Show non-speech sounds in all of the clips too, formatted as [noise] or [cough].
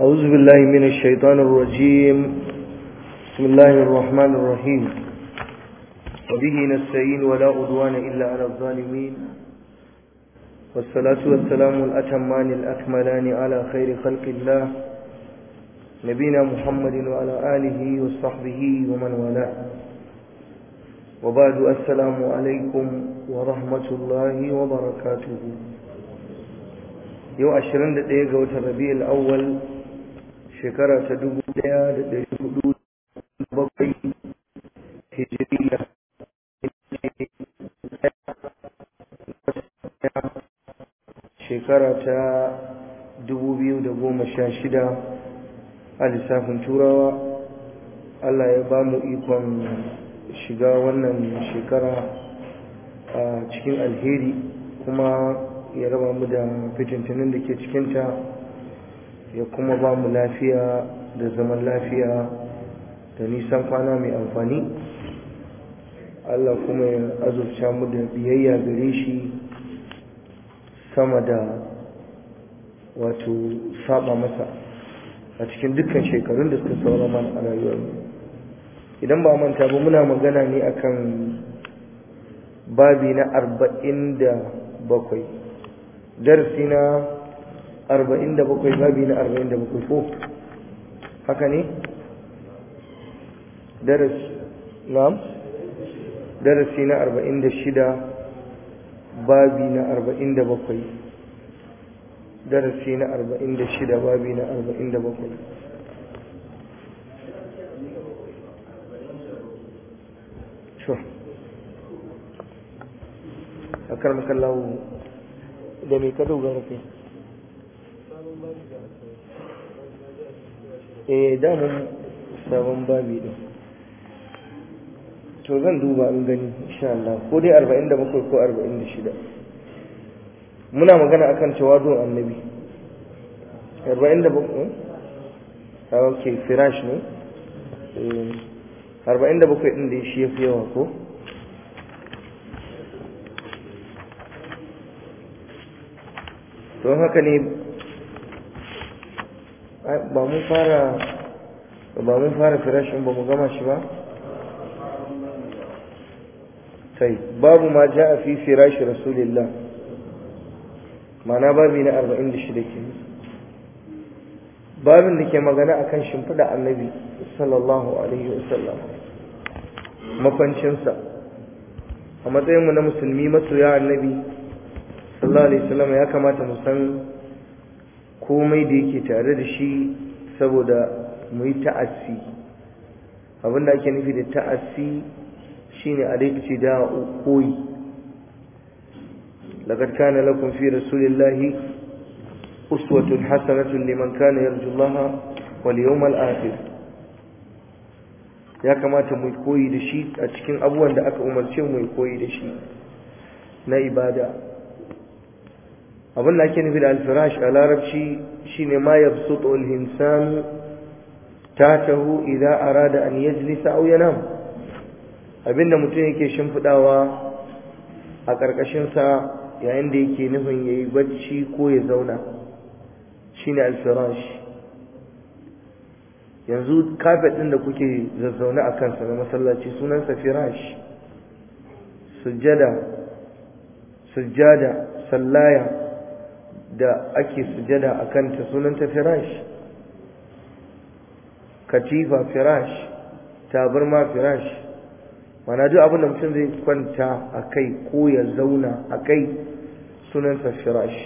أعوذ بالله من الشيطان الرجيم بسم الله الرحمن الرحيم وبه نستعين ولا عدوان إلا على الظالمين والصلاة والسلام الأتمان الأكملان على خير خلق الله نبينا محمد وعلى آله وصحبه ومن والاه وبعد السلام عليكم ورحمة الله وبركاته يو 21 ga watan الأول shekara ta dubu ɗaya da ɗari hudu bakwai hijiriya shekara ta dubu biyu da goma sha shida a lissafin turawa allah ya ba mu ikon shiga wannan shekara a cikin alheri kuma ya raba mu da fitintinin da ke cikinta ya kuma ba mu lafiya da zaman lafiya da nisan kwana mai amfani Allah kuma ya azurta mu da biyayya gare shi sama da wato saba masa a cikin dukkan shekarun da suka saura mana a rayuwar idan ba manta ba muna magana ne akan babi na arba'in da bakwai darasi na arba'in da bakwai babi na arba'in da bakwai ko haka ne darasi na arba'in da shida babi na arba'in da bakwai darasi na arba'in da shida babi na arba'in da bakwai akar makallawo da mai ka dogara eh damun sabon babi din to zan duba in gani insha Allah ko dai 47 ko 46 muna magana akan tawadun annabi 47 eh? ah, okay firash ne 47 eh, din da shi yafi yawa ko don haka ne ba mun fara ba mun fara firashin ba mu gama shi ba sai babu ma ja a fi firashi rasulillah mana babi na 46 ke babin da ke magana a kan shimfiɗa annabi sallallahu alaihi wasallam mafancinsa a matsayinmu na musulmi masoya annabi sallallahu alaihi wasallam ya kamata mu san komai da yake tare da shi saboda mu yi ta'assi abin da ake nufi da ta'assi shine alaiki da koyi laqad na lakum fi rasulillahi uswatun hasanatun liman kana yarju Allah ya kamata mu koyi da shi a cikin abubuwan da aka umarce mu koyi da shi na ibada abin da ake nufi da alfirash a larabci shine ma yabsutu al-insanu tatahu idza arada an yajlisa aw yanam abinda mutum yake shimfidawa a sa yayin da yake nufin yayi yi bacci ko ya zauna shine al-firash yanzu kafet ɗin da kuke zazzauna a kansa na masallaci sunansa firash sujjada sujjada sallaya da ake sujjada a kanta sunanta firash katifa firash tabarma firash mana duk abin da mutum zai kwanta a kai ko ya zauna a kai sunansa firash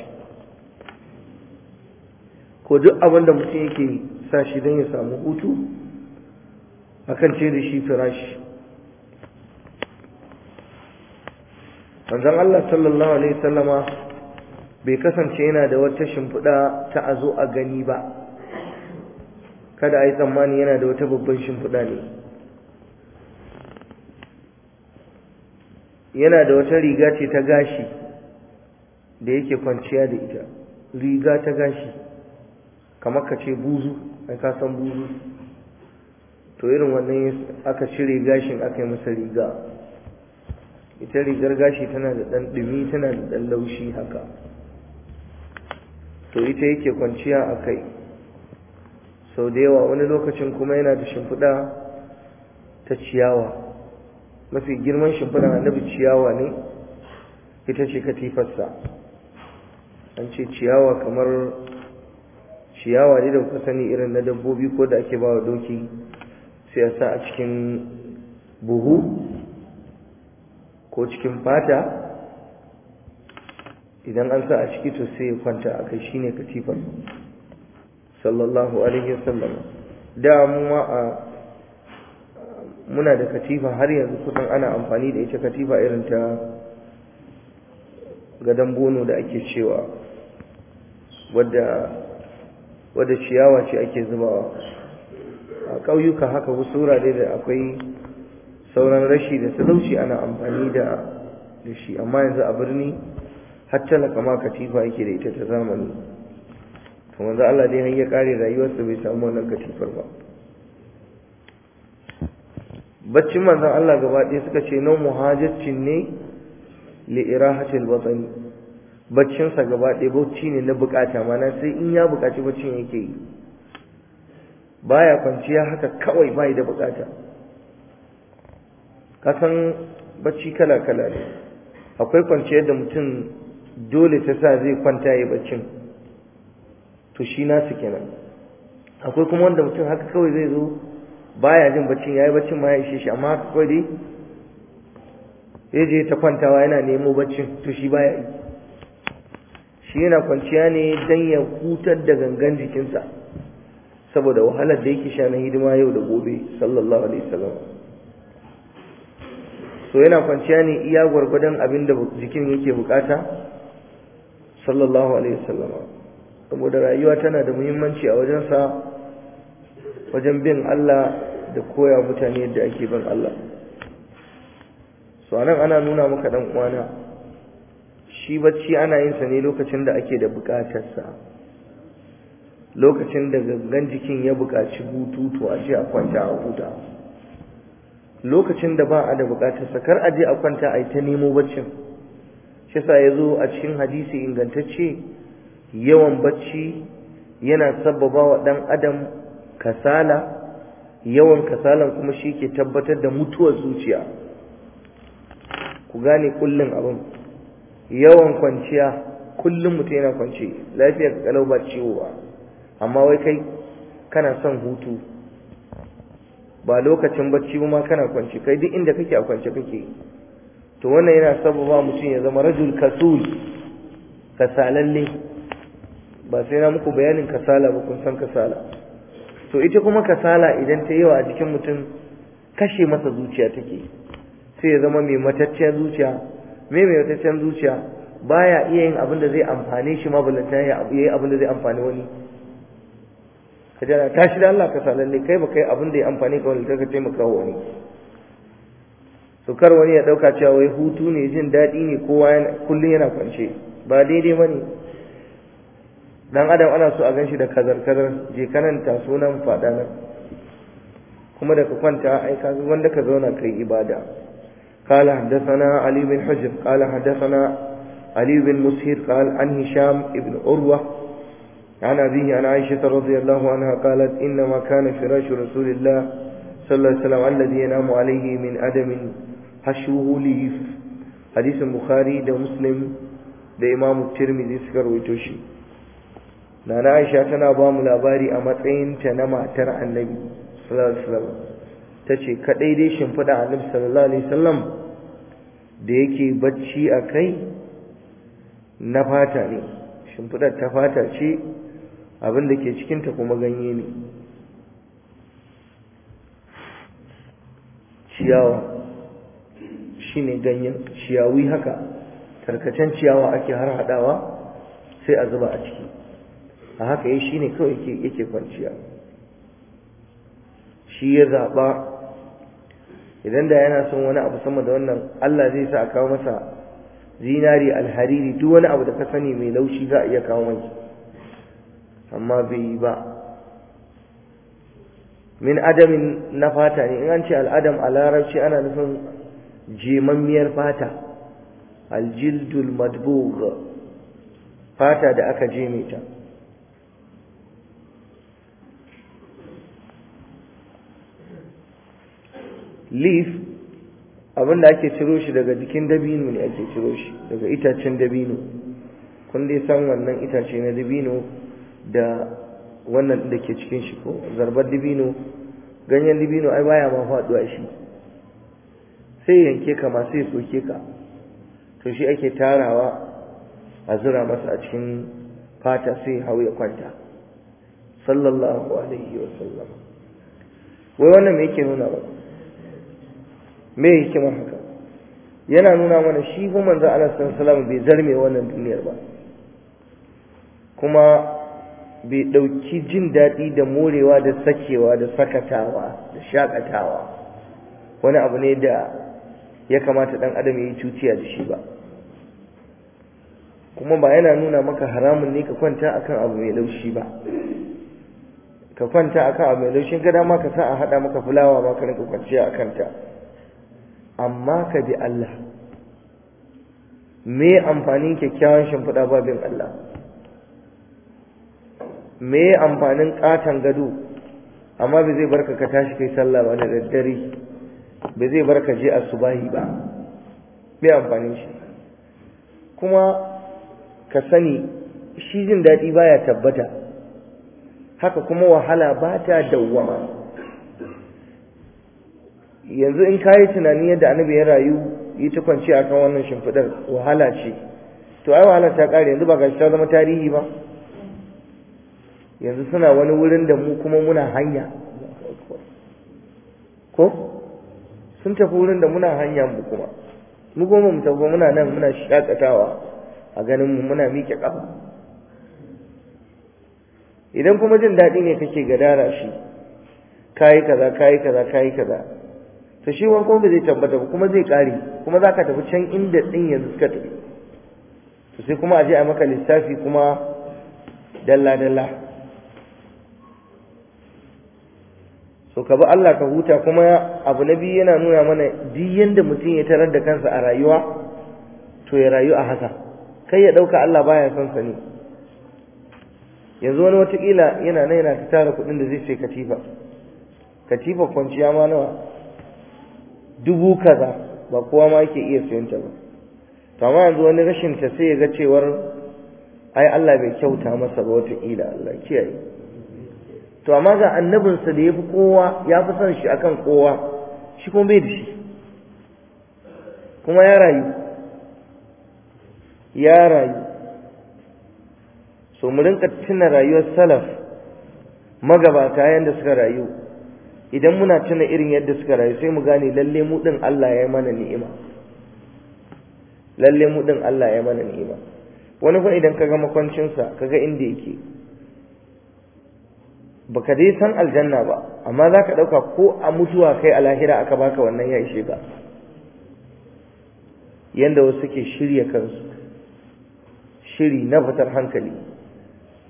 ko duk abin da mutum yake sa shi don ya samu hutu akan ce da shi firash manzon Allah sallallahu alaihi wasallama bai kasance yana da wata shimfiɗa ta a zo a gani ba kada a yi tsammani yana da wata babban shimfiɗa ne yana da wata riga ce ta gashi da yake kwanciya da ita riga ta gashi kamar ka ce buzu ai ka san buzu to irin wannan aka cire gashin aka yi masa riga ita rigar gashi tana da ɗan ɗumi tana da ɗan laushi haka to ita yake kwanciya a kai sau da yawa wani lokacin kuma yana da shimfiɗa ta ciyawa mafi girman shimfiɗa na nabi ciyawa ne ita ce katifarsa an ce ciyawa kamar ciyawa ne da kuka sani irin na dabbobi ko da ake bawa doki sai a sa a cikin buhu ko cikin fata idan an sa a ciki to sai ya kwanta a kai shine katifar sallallahu alaihi wasallam da mu ma muna da katifa har yanzu kusan ana amfani da ita katifa irin ta gadan bono da ake cewa wadda wadda ciyawa ce ake zubawa a ƙauyuka haka wusura dai da akwai sauran rashi da talauci ana amfani da da shi amma yanzu a birni har talaka ma katifa yake da ita ta zamani to manzo Allah dai har ya kare rayuwarsa bai samu wannan katifar ba baccin manzon Allah gaba ɗaya suka ce nan muhajjacin ne li irahatil batani baccin sa gaba ɗaya bacci ne na bukata mana sai in ya bukaci baccin yake yi baya kwanciya haka kawai bai da bukata kasan bacci kala kala ne akwai kwanciyar da mutum dole ta sa zai kwanta ya baccin to shi nasu kenan akwai kuma wanda mutum haka kawai zai zo baya jin baccin yayi baccin ma ya ishe shi amma haka kawai dai ya je ta kwantawa yana nemo baccin to shi baya yi shi yana kwanciya ne dan ya hutar da gangan jikinsa saboda wahalar da yake sha na hidima yau da gobe sallallahu alaihi wasallam so yana kwanciya ne iya gwargwadon abin da jikin yake bukata sallallahu alaihi wasallam saboda rayuwa tana da muhimmanci a wajensa wajen bin Allah da koya mutane yadda ake bin Allah so anan ana nuna maka dan uwana shi bacci ana yin sa ne lokacin da ake da sa lokacin da gangan jikin ya buƙaci bututu a je a kwanta a huta lokacin da ba a da bukatarsa kar a je a kwanta a yi ta nemo baccin shi yasa ya zo a cikin hadisi ingantacce yawan bacci yana sabbaba wa ɗan adam kasala yawan kasalan kuma shi ke tabbatar da mutuwar zuciya ku gane kullum abin yawan kwanciya kullum mutum yana kwanci lafiyar kalau ba ciwo ba amma wai kai kana son hutu ba lokacin bacci ba ma kana kwanci kai duk inda kake a kwance kake to wannan yana sababa mutum ya zama rajul kasul kasalalle ba sai na muku bayanin kasala ba kun san kasala to ita kuma kasala idan ta yawa a jikin mutum kashe masa zuciya take sai ya zama mai matacciyar zuciya mai mai matacciyar zuciya baya iya yin abin da zai amfane shi ma balanta ya yi abin da zai amfani wani ka na tashi da Allah kasalan ne kai ba kai abin da ya amfani ka wani ka taimaka wa wani to kar wani ya dauka cewa wai hutu ne jin daɗi ne kowa kullun yana kwance ba daidai bane dan adam ana so a ganshi da kazar kazar je kananta sunan fada nan kuma da ka kwanta ai ka wanda ka zauna kai ibada قال حدثنا علي بن حجر قال حدثنا علي بن مسهر قال عن هشام بن عروة عن أبيه عن عائشة رضي الله عنها قالت إنما كان فراش رسول الله صلى الله عليه وسلم الذي ينام عليه من أدم حشوه ليف حديث البخاري ده مسلم ده إمام الترمذي سكر ويتوشي nana aisha tana ba mu labari a matsayinta na matar annabi sallallahu alaihi wasallam tace kadai dai shimfida annabi sallallahu alaihi wasallam da yake bacci a kai na fata ne Shimfiɗar ta fata ce abin da ke cikinta kuma ganye ne ciyawa shine ganyen ciyawi haka tarkacen ciyawa ake har hadawa sai a zuba a ciki a haka yi ne kawai yake kwanciya shi ya zaɓa idan da yana son wani abu sama da wannan Allah zai sa a kawo masa zinari alhariri duk wani abu da ka sani mai laushi za a iya kawo mai amma bai yi ba min adamin na fata ne in an ce al'adam a larabci ana nufin jemammiyar fata aljildul madbug fata da aka jeme ta leaf abin da ake ciro shi daga jikin dabino ne ake ciro shi daga itacen dabino kun dai san wannan itace na dabino da wannan da ke cikin shi ko zarbar dabino ganyen dabino ai baya ma faduwa shi sai yanke ka ma sai soke ka to shi ake tarawa a zura masa a cikin fata sai hau ya kwanta sallallahu alaihi wasallam wai wannan me yake nuna ba me hikimar haka yana nuna mana shi fa manzo Allah sallallahu bai zarme wannan duniyar ba kuma bai dauki jin daɗi da morewa da sakewa da sakatawa da shakatawa wani abu ne da ya kamata dan adam yayi cuciya da shi ba kuma ba yana nuna maka haramun ne ka kwanta akan abu mai laushi ba ka kwanta akan abu mai laushin ka dama ka sa a hada maka fulawa ma ka rinka kwanciya akan ta amma ka bi Allah me amfanin kyakkyawan shimfiɗa ba bin Allah me amfanin ƙaton gado amma ba zai barka ka tashi kai sallah ba da daddare ba zai barka je asubahi ba me amfanin shi kuma ka sani shi jin daɗi baya tabbata haka kuma wahala ba ta dawwama yanzu in ka yi tunani yadda annabi ya rayu yi ta kwanci a kan wannan shimfiɗar wahala ce to ai wahala ta ƙare yanzu ba ga ta zama tarihi ba yanzu suna wani wurin da mu kuma muna hanya ko sun tafi wurin da muna hanya mu kuma mu kuma mu tafi muna nan muna shakatawa a ganin mu muna miƙe ƙafa idan kuma jin daɗi ne kake gadara shi kayi kaza kayi kaza kayi kaza to shi wanko ba zai tabbata ba kuma zai kare kuma za ka tafi can inda ɗin yanzu suka tafi to sai kuma a je a maka lissafi kuma dalla-dalla to ka bi Allah ka huta kuma abu na biyu yana nuna mana duk yanda mutum ya tarar da kansa a rayuwa to ya rayu a haka kai ya ɗauka Allah baya son sa ne yanzu wani watakila yana nan yana ta tara kuɗin da zai ce katifa katifa kwanciya ma nawa dubu kaza ba kowa ma yake iya siyan ta ba to amma yanzu wani rashin ta sai ya ga cewar ai Allah bai kyauta masa ba wata ila Allah kiyaye to amma ga annabinsa da yafi kowa yafi son shi akan kowa shi kuma bai da shi kuma ya rayu ya rayu so mu rinka tuna rayuwar salaf magabata yanda suka rayu idan muna tuna irin yadda suka rayu sai mu gane lalle mu din Allah ya yi mana ni'ima lalle mu din Allah ya yi mana ni'ima wani kuma idan kaga makwancin sa kaga inda yake baka dai san aljanna ba amma zaka dauka ko a mutuwa kai a lahira aka baka wannan ya ishe ba. yanda wasu suke shirya kansu shiri na fitar hankali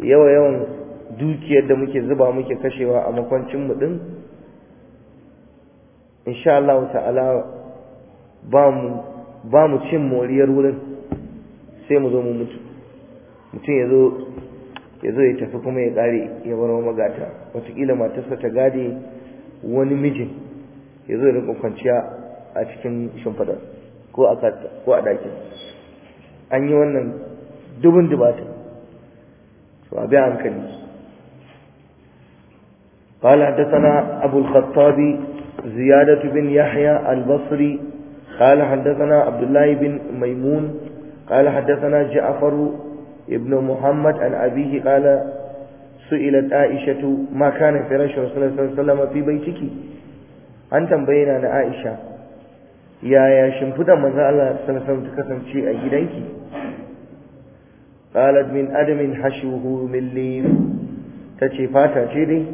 yawa yawan dukiyar da muke zuba muke kashewa a makwancin mu din in sha Allah ta'ala ba cin moriyar wurin sai mu zo mu mutu mutum ya zo ya tafi kuma ya kare ya bar magata wataƙila matarsa ta gade wani mijin ya zo ya rinka kwanciya a cikin shimfada ko a ɗakin an yi wannan dubin dubata to a hankali قال حدثنا أبو الخطاب زيادة بن يحيى البصري قال حدثنا عبد الله بن ميمون قال حدثنا جعفر ابن محمد عن أبيه قال سئلت عائشة ما كان فراش رسول الله صلى الله عليه وسلم في بيتك أنت بينا أنا عائشة يا يا شنفدا من الله صلى الله عليه وسلم تكسم شيء أجدينك قالت من أدم حشوه من ليف تشي فاتا تشيدي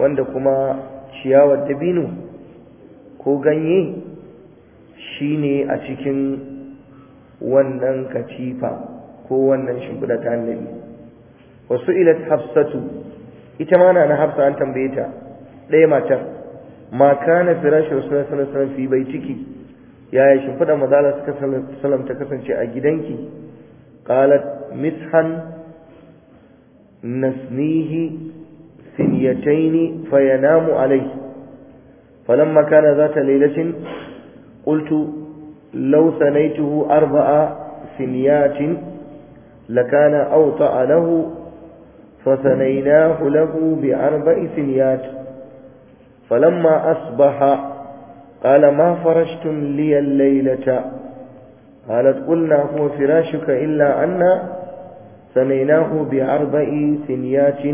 وندكما ciyawar dabino ko ganye shine a cikin wannan katifa ko wannan shimfiɗa ta annabi wasu ilat hafsatu ita ma na hafsa an tambaye ta ɗaya matar ma kana firashi sallallahu alaihi wasallam fi bai ciki yaya shimfiɗa mazala suka sallam ta kasance a gidanki qalat mishan nasnihi سنيتين فينام عليه فلما كان ذات ليلة قلت لو ثنيته أربع سنيات لكان أوطأ له فثنيناه له بأربع سنيات فلما أصبح قال ما فرشتم لي الليلة قالت قلنا هو فراشك إلا أن ثنيناه بأربع سنيات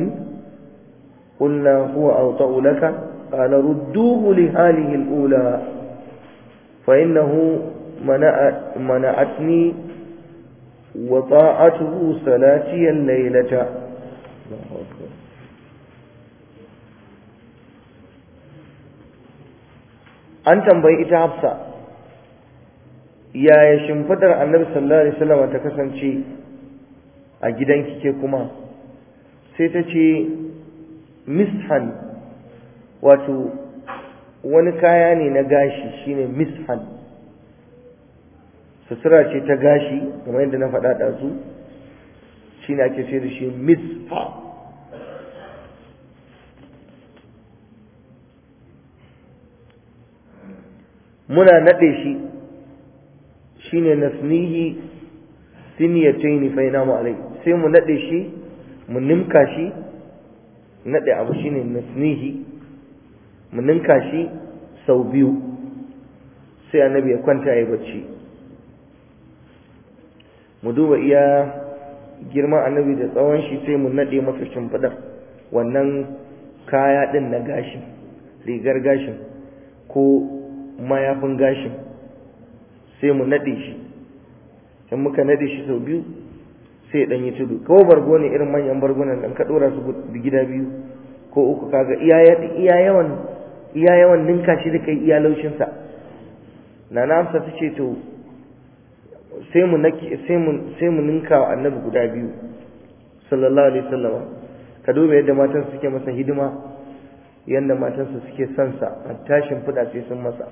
قلنا هو أوطأ لك قال ردوه لهذه الأولى فإنه منعتني وطاعته سلاتي الليلة an tambayi ita hafsa yaya shimfidar annabi sallallahu alaihi wasallam ta kasance a gidanki ke kuma sai ta ce mishan wato wani kaya ne na gashi shine mishan sutura ce ta gashi kamar yadda na faɗa ɗazu shine ake ce da shi mishan muna naɗe shi shine nasnihi siniyataini fa yana mu alai sai mu naɗe shi mu nimka shi naɗe abu shine nasnihi mu ninka shi sau biyu sai annabi ya kwanta ya bacci mu duba iya girman annabi da tsawon shi sai mu naɗe masa shimfiɗar wannan kaya ɗin na gashin rigar gashin ko mayafin gashin sai mu naɗe shi in muka naɗe shi sau biyu sai ya yi tudu ko bargo ne irin manyan bargunan nan ka dora su gida biyu ko uku kaga iya yawan iya yawan ninka shi da kai iya laushin sa na amsa tace to sai mu naki sai mu sai mu ninka wa annabi guda biyu sallallahu alaihi wasallam ka duba yadda matan suke masa hidima yadda matan su suke son sa tashin fuda sai sun masa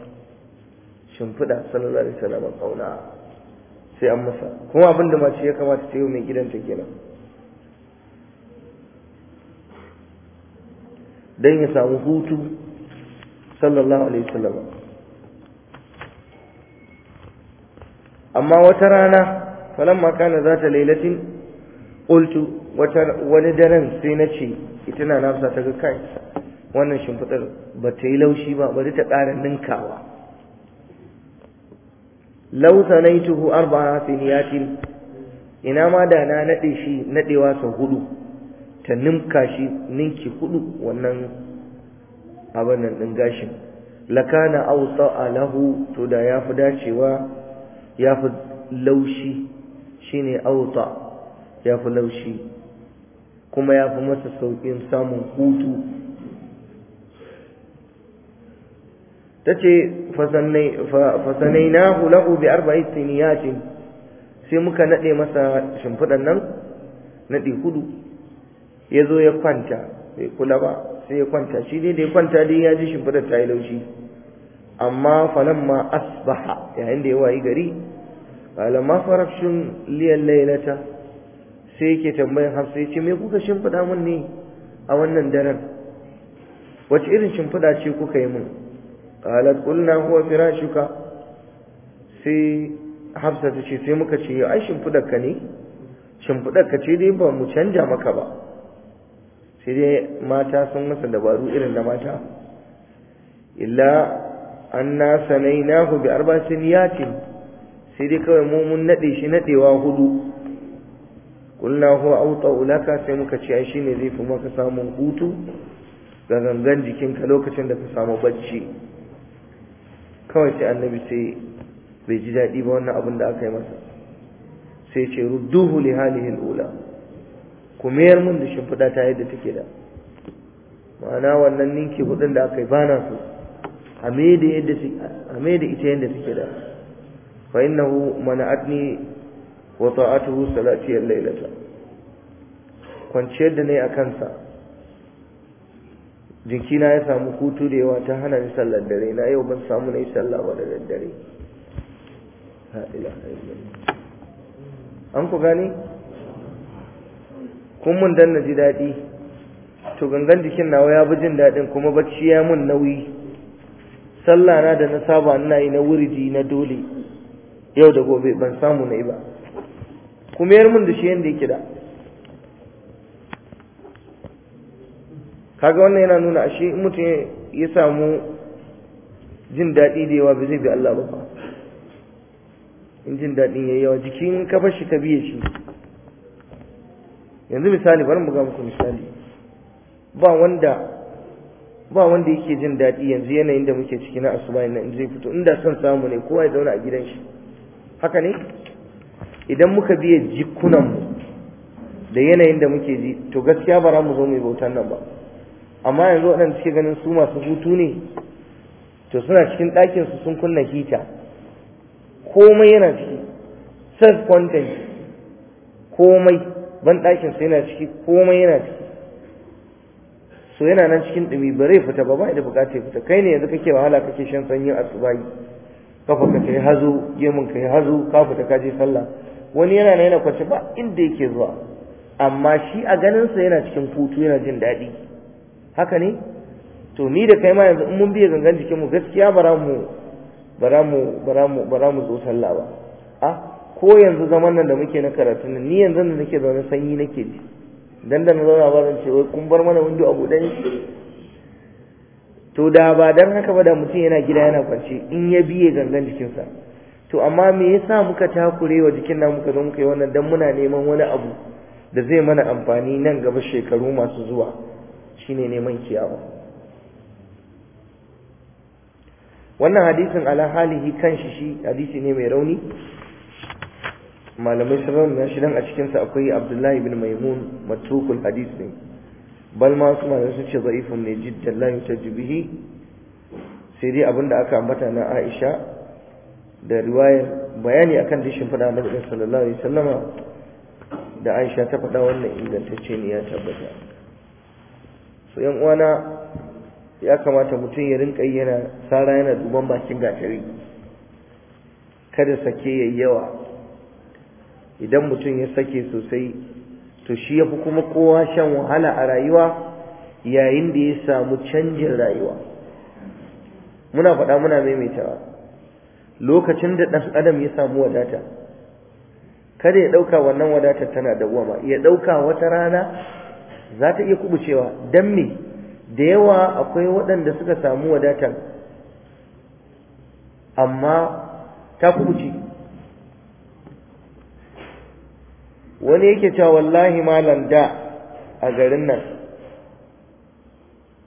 shimfida sallallahu alaihi wasallam kauna sai an masa kuma abin da mace ya kamata ta yi mai gidanta kenan don ya samu hutu sallallahu alaihi wasallam amma wata rana falamma kana zata lailatin qultu wata wani daren sai na ce ita na nafsa ta ga kai wannan shimfidar ba ta yi laushi ba bari ta ƙara ninkawa law sanaituhu arba'a siniyatin ina ma da na nade shi nadewa sau hudu ta nimka shi ninki hudu wannan abin din gashin lakana awsa'a lahu to da ya fi dacewa ya fi laushi shine ya fi laushi kuma ya fi masa saukin samun hutu tace fasanainahu lahu bi arba'i siniyatin sai muka nade masa shimfidan nan nade hudu yazo ya kwanta bai kula ba sai ya kwanta shi ne da ya kwanta dai ya ji shimfidan ta yi laushi amma falamma asbaha yayin da ya wayi gari qala ma farashun liyan laylata sai yake tambayan hafsa yace me kuka shimfida mun ne a wannan daren wace irin shimfida ce kuka yi mun qalat qulna huwa firashuka sai hafsa ce sai muka ce ai shimfudarka ne Shimfudarka ce dai ba mu canja maka ba sai dai mata sun masa dabaru irin da mata illa anna sanainahu bi arba'atin yatin sai dai kawai mu mun nade shi nadewa hudu qulna huwa awta'u laka sai muka ce ai shine zai fi maka samun hutu ga gangan jikinka lokacin da ka samu bacci kawai sai annabi sai bai ji daɗi ba wannan abin da aka yi masa sai ce rudduhu li halihi ula ku mayar mun da shimfiɗa ta yadda take da ma'ana wannan ninki hudun da aka yi ba na so a me da ita yadda take da fa innahu mana'atni wa ta'atuhu salati al-lailata kwanciyar da nayi a kansa jikina ya samu hutu da yawa ta hana ni sallar dare na yau ban samu na yi sallah ba da daddare an ku gani kun mun dan na ji daɗi to gangan jikin nawa ya bi jin daɗin kuma bacci ya mun nauyi sallah na da na saba ina yi na wurdi na dole yau da gobe ban samu na yi ba kuma yar mun da shi yadda yake da kaga wannan yana nuna ashe in mutum ya samu jin daɗi da yawa ba zai bi Allah ba in jin daɗin yayi yawa jikin kafar shi ta biye shi yanzu misali bari mu ga muku misali ba wanda ba wanda yake jin daɗi yanzu yanayin da muke ciki na asuba na in zai fito inda son samu ne kowa ya zauna a gidan shi haka ne idan muka biye jikunanmu da yanayin da muke ji to gaskiya ba za mu zo mu yi bautan nan ba amma yanzu waɗanda suke ganin su masu hutu ne to suna cikin ɗakin su sun kunna hita komai yana ciki self content komai ban ɗakin su yana ciki komai yana ciki so yana nan cikin ɗumi ba zai fita ba ba da bukatar fita kai ne yanzu kake wahala kake shan sanyin asubahi kafa ka kai hazo yamin kai hazo ka fita ka je sallah wani yana nan yana kwace ba inda yake zuwa amma shi a ganin sa yana cikin hutu yana jin daɗi haka ne to ni da kai ma yanzu in mun biya gangan jikin mu gaskiya bara mu bara mu mu mu zo sallah ba a ko yanzu zaman nan da muke na karatu nan ni yanzu da nake zaune sanyi nake ji dan da na zauna ba zan ce wai kun bar mana windo a buɗe to da ba dan haka ba da mutum yana gida yana kwance in ya biye gangan jikinsa to amma me yasa muka takure wa jikin nan muka zo muka yi wannan dan muna neman wani abu da zai mana amfani nan gaba shekaru masu zuwa shine neman ciyawa wannan hadisin ala halihi kanshi shi hadisi ne mai rauni malamai sun na shi a cikinsa akwai Abdullahi bin Maimun matukul hadis ne bal ma su malamai sun ce za'ifin ne jiddan la yutajibihi sai dai abinda aka ambata na Aisha da riwayar bayani akan dishin fada Annabi sallallahu alaihi sallama da Aisha ta faɗa wannan ingantacce ne ya tabbata so yan uwana ya kamata mutum ya rinka yana tsara yana duban bakin gatari kada sake yi yawa idan mutum ya sake sosai to shi ya fi kuma kowa shan wahala a rayuwa yayin da ya samu canjin rayuwa muna faɗa muna maimaitawa lokacin da ɗan adam ya samu wadata kada ya ɗauka wannan wadatar tana dawwama ya ɗauka wata rana za ta iya kubucewa don me da yawa akwai waɗanda suka samu wadatar amma ta kubuce wani yake cewa wallahi malam da a garin nan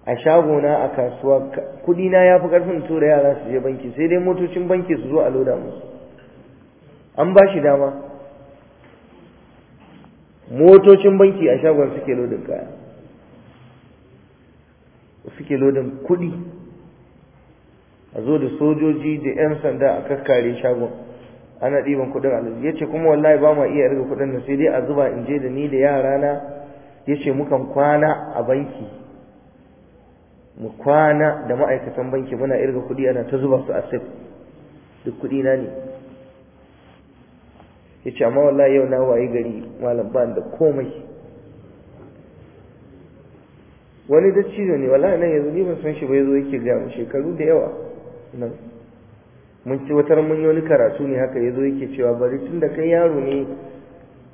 a shagona a kasuwa kudina ya fi karfin tura yara su je banki sai dai motocin banki su zo a loda musu an ba shi dama motocin banki a shagon suke lodin kaya suke lodin kuɗi a zo da sojoji da 'yan sanda a kakkare shagon ana ɗiban kuɗin alaji ya ce kuma wallahi ba ma iya riga kuɗin da sai dai a zuba in je da ni da yarana ya ce mukan kwana a banki mu kwana da ma'aikatan banki muna irga kuɗi ana ta zuba su a sif duk kuɗi ne ya ce amma wallahi yau na waye gari malam ban da komai wani cizo ne wallahi nan yanzu ni ban san shi ba yazo yake ga mu shekaru da yawa nan mun ci watar mun yi wani karatu ne haka yazo yake cewa bari tun da kai yaro ne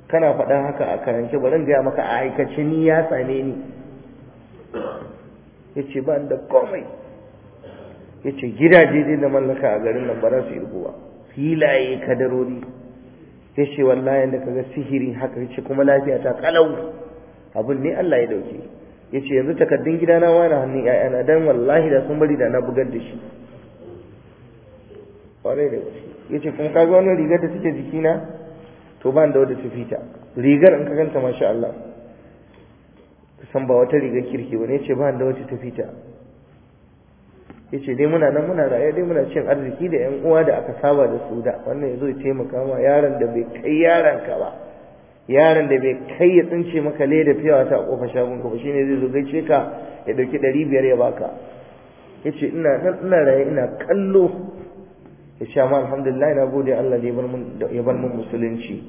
kana faɗan haka a karance bari in gaya maka a aikace ni ya same ni ya ce ban da komai ya ce gidaje dai da mallaka a garin nan ba za su yi rubuwa filaye kadarori sai ce wallahi da kaga sihiri haka yace kuma lafiya ta kalau abun ne Allah ya dauke yace yanzu takaddun gidana wani hannun ƴaƴana dan wallahi da sun bari da na bugar da shi kwarai da gaske yace kuma kaga wannan rigar da take jikina to ban da wadda ta fita rigar in ka ganta masha Allah san ba wata rigar kirki bane yace ban da wacce ta fita yace dai muna nan muna raye dai muna cin arziki da yan uwa da aka saba da su da wannan yazo ya taimaka ma yaron da bai kai yaron ka ba yaron da bai kai ya tsince maka leda fiyawa ta kofar shagon ka ba shine zai zo gaice ka ya dauki 500 ya baka yace ina nan ina raye ina kallo ya ce amma alhamdulillah na gode Allah da ya bar mun musulunci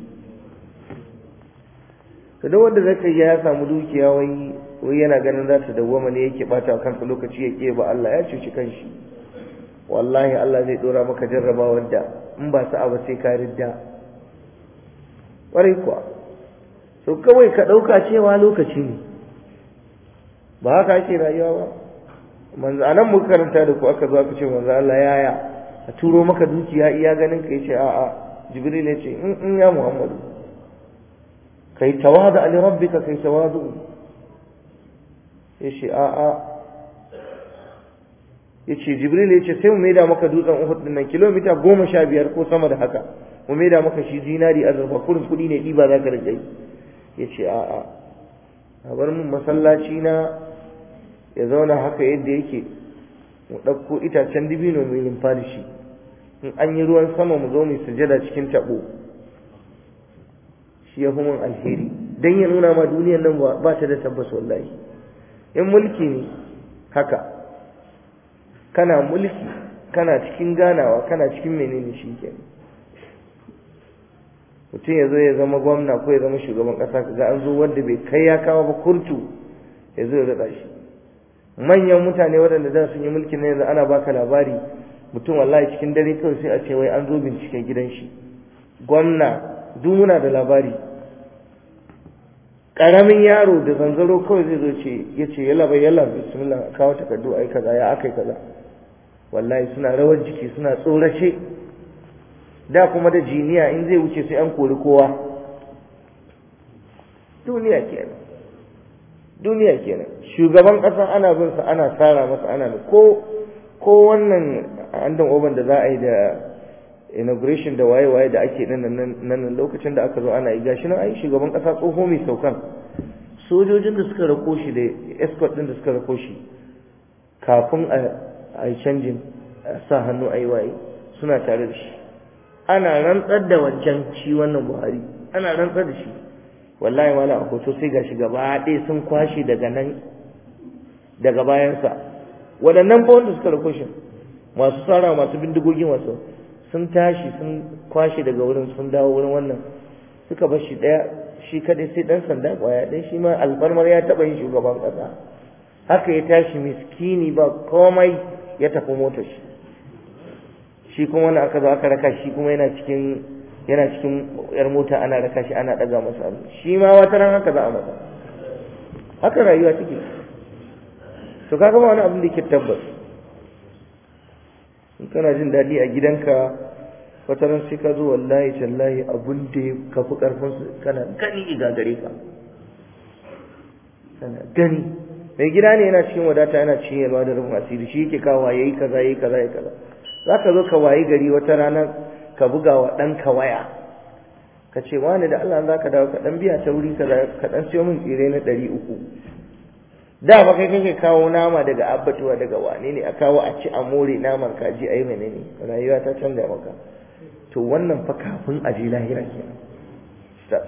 to duk wanda zaka yi ya samu dukiya wai wai yana ganin za ta dawwama ne yake bata kansa lokaci ya ke ba Allah ya cuci kanshi wallahi Allah zai dora maka jarrabawar da in ba sa'a ba sai ka ridda ƙwarai kuwa so kawai ka ɗauka cewa lokaci ne ba haka ake rayuwa ba manzo anan muka karanta da ku aka zo aka ce manzo Allah yaya a turo maka dukiya iya ganin ka yace a jibril yace in mm, in mm, ya muhammadu kai tawadu li rabbika kai tawadu ya ce a'a ya ce jibril ya ce sai mu maida maka dutsen uhud din nan kilomita goma sha biyar ko sama da haka mu maida maka shi zinari azurfa kurin kuɗi ne ɗiba za ka yi ya ce a'a a bar mu masallaci na ya zauna haka yadda yake mu ɗauko itacen dibino mu rumfa da shi in an yi ruwan sama mu zo mu sujada cikin taɓo shi ya fi alheri dan ya nuna ma duniyar nan ba ta da tabbas wallahi in mulki ne haka kana mulki kana cikin ganawa kana cikin menene shi ke mutum ya zo ya zama gwamna ko ya zama shugaban ƙasa ga an zo wanda bai kai ya kawo ba kurtu ya zo ya zaɗa shi manyan mutane waɗanda za sun yi mulki na yanzu ana baka labari mutum wallahi cikin dare kawai sai a ce wai an zo binciken gidan shi gwamna duk muna da labari karamin yaro da zanzaro kawai zai zo ce ya ce yalla bai yalla bismillah kawo takardu ai kaza ya akai kaza wallahi suna rawar jiki suna tsorace da kuma da jiniya in zai wuce sai an kori kowa duniya kenan duniya kenan shugaban kasan ana bin sa ana tsara masa ana ko ko wannan andan oban da za a yi da inauguration da waye-waye da ake nan lokacin da aka zo ana yi gashi nan ai shugaban kasa tsoho mai saukan sojojin da suka rako shi da escort din da suka rako shi kafin a yi canjin sa hannu a yi waye suna tare da shi ana rantsar da wancan ci wannan buhari ana rantsar da shi wallahi wala a hoto sai gashi gaba ɗaya sun kwashe daga nan daga bayansa waɗannan fa wanda suka rako shi masu tsara masu bindigogin wasu sun tashi sun kwashe daga wurin sun dawo wurin wannan suka bar shi ɗaya shi kaɗai sai ɗan sanda ƙwaya ɗaya shi ma alfarmar ya taɓa yin shugaban ƙasa haka ya tashi miskini ba komai ya tafi motar shi shi kuma wani aka zo aka raka shi kuma yana cikin yana cikin yar mota ana raka shi ana ɗaga masa abu shi ma wata ran haka za a masa haka rayuwa take to kaga ba wani abin da ke tabbas in kana jin daɗi a gidanka wataran sai ka zo wallahi tallahi abun da ka fi karfin su kana gani ga gare ka kana gani mai gida ne yana cikin wadata yana cikin yalwa da rubun asiri shi yake kawo yi kaza yi kaza ya kaza za ka zo ka wayi gari wata rana ka buga wa ɗanka waya ka ce wani da Allah za ka dawo ka ɗan biya ta wuri ka ɗan siyo min tsire na ɗari uku da ba kai kake kawo nama daga abbatuwa daga wane ne a kawo a ci a more naman kaji a yi ne rayuwa ta canza maka to wannan fa kafin a je lahira ke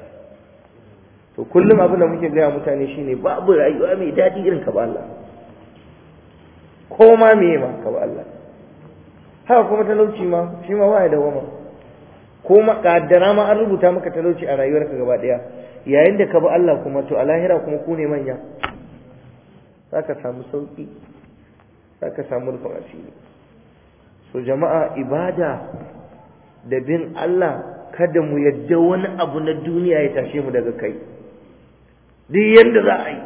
to kullum abin da muke gaya mutane shine babu rayuwa mai daɗi irin ka ba Allah ko ma meye ma ka ba Allah haka kuma talauci ma shi ma ba da wama. ko ma kaddara ma an rubuta maka talauci a rayuwarka gaba daya yayin da ka ba Allah kuma to a lahira kuma ku ne manya za ka samu sauƙi za ka samu rufin asiri so jama'a ibada da bin Allah kada mu yadda wani abu na duniya ya tashe mu daga kai duk yadda za a yi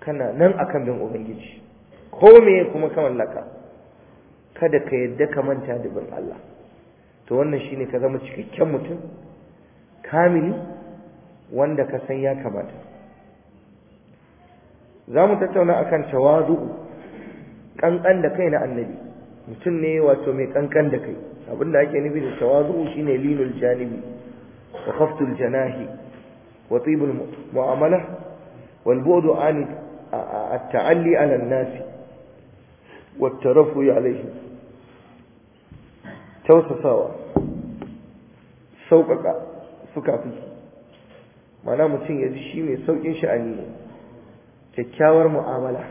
kana nan akan bin ubangiji ko me kuma ka mallaka kada ka yadda ka manta da bin Allah to wannan shine ka zama cikakken mutum kamili wanda ka san ya kamata za mu tattauna akan tawadu'u kankan da kai na annabi mutum ne wato mai kankan da kai Abin da ake nufi da tawazu'u shine linul janibi wa khaftul janahi wa tibul mu'amala wal bu'du an at-ta'alli 'ala an-nas wa at-tarafu 'alayhi sauƙaƙa suka fi mana mutum ya ji shi mai sauƙin sha'ani ne kyakkyawar mu'amala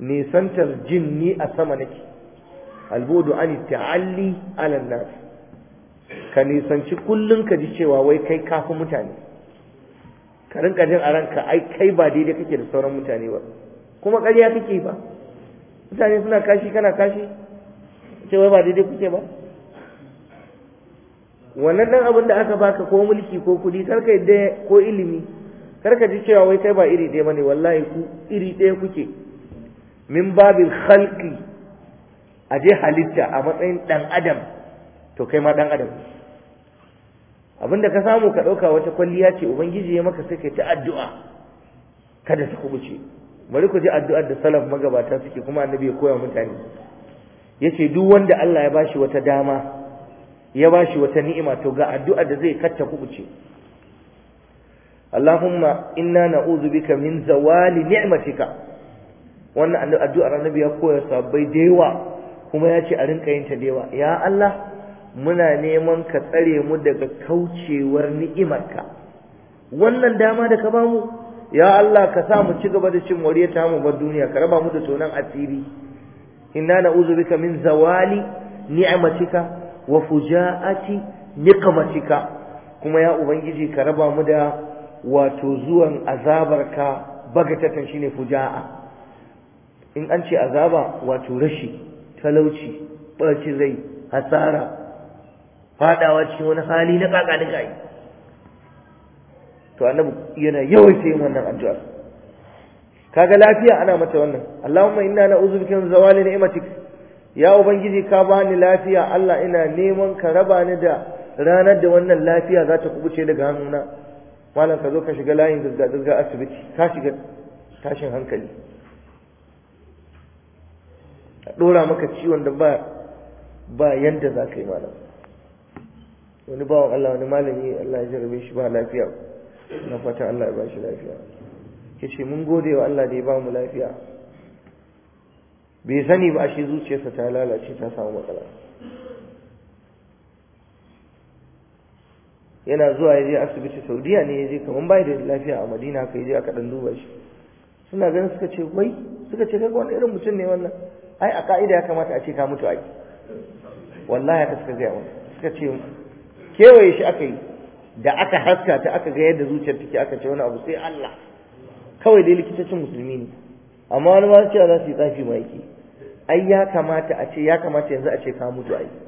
nisantar jin ni a sama nake albudu an ta'alli ala nas ka nisanci kullun ka ji cewa wai kai kafi mutane ka rinka jin a ranka ai kai ba daidai kake da sauran mutane ba kuma ƙarya kake ba mutane suna kashi kana kashi ce wai ba daidai kuke ba wannan dan abin da aka baka ko mulki ko kudi kar yadda ko ilimi kar ka ji cewa wai kai ba iri ɗaya bane wallahi ku iri ɗaya kuke min babin khalqi a je halitta a matsayin ɗan adam to kai ma ɗan adam abinda ka samu ka ɗauka wata kwalliya ce ubangiji ya maka sai kai ta addu'a kada ta kubuce bari ku ji addu'ar da salaf magabata suke kuma annabi ya koya mutane yace duk wanda Allah ya bashi wata dama ya bashi wata ni'ima to ga addu'ar da zai katta kubuce Allahumma inna na'udhu bika min zawali ni'matika wannan addu'ar annabi ya koya sabbai da kuma ya ce a rinka yin ta da ya Allah muna neman ka tsare mu daga kaucewar ni'imarka wannan dama da ka bamu ya Allah ka sa mu ci gaba da cin wariyar ta mu bar duniya ka raba mu da tonan asiri inna na'udhu bika min zawali ni'matika wa fujaati niqmatika kuma ya ubangiji ka raba mu da wato zuwan azabarka bagatatan shine fuja'a in an ce azaba wato rashi talauci barci zai hasara fadawa cikin wani hali na da kai to annabi yana yawaita yin wannan addu'ar kaga lafiya ana mata wannan Allahumma inna na'udhu bika min zawali ni'matik ya ubangiji ka bani lafiya Allah ina neman ka raba ni da ranar da wannan lafiya za ta kubuce daga hannuna malam ka zo ka shiga layin zirga-zirga asibiti ka shiga tashin hankali a ɗora maka ciwon da ba ba yanda za ka yi malam wani bawan Allah wani malami Allah ya jarabe shi ba lafiya na fata Allah ya ba shi lafiya ke ce mun gode wa Allah da ya ba mu lafiya bai sani ba shi zuciyarsa ta lalace ta samu matsala yana zuwa ya je asibiti saudiya ne ya je kamar bai da lafiya a madina ka je aka ɗan duba shi suna ganin suka ce wai suka ce kaga wani irin mutum ne wannan ai a ka'ida ya kamata a ce ka mutu ai wallahi haka suka gaya wani suka ce kewaye shi aka yi da aka haska ta aka ga yadda zuciyar take aka ce wani abu sai Allah kawai dai likitacin musulmi ne amma wani ma ce za su yi tsafi ma yake ai ya kamata a ce ya kamata yanzu a ce ka mutu ai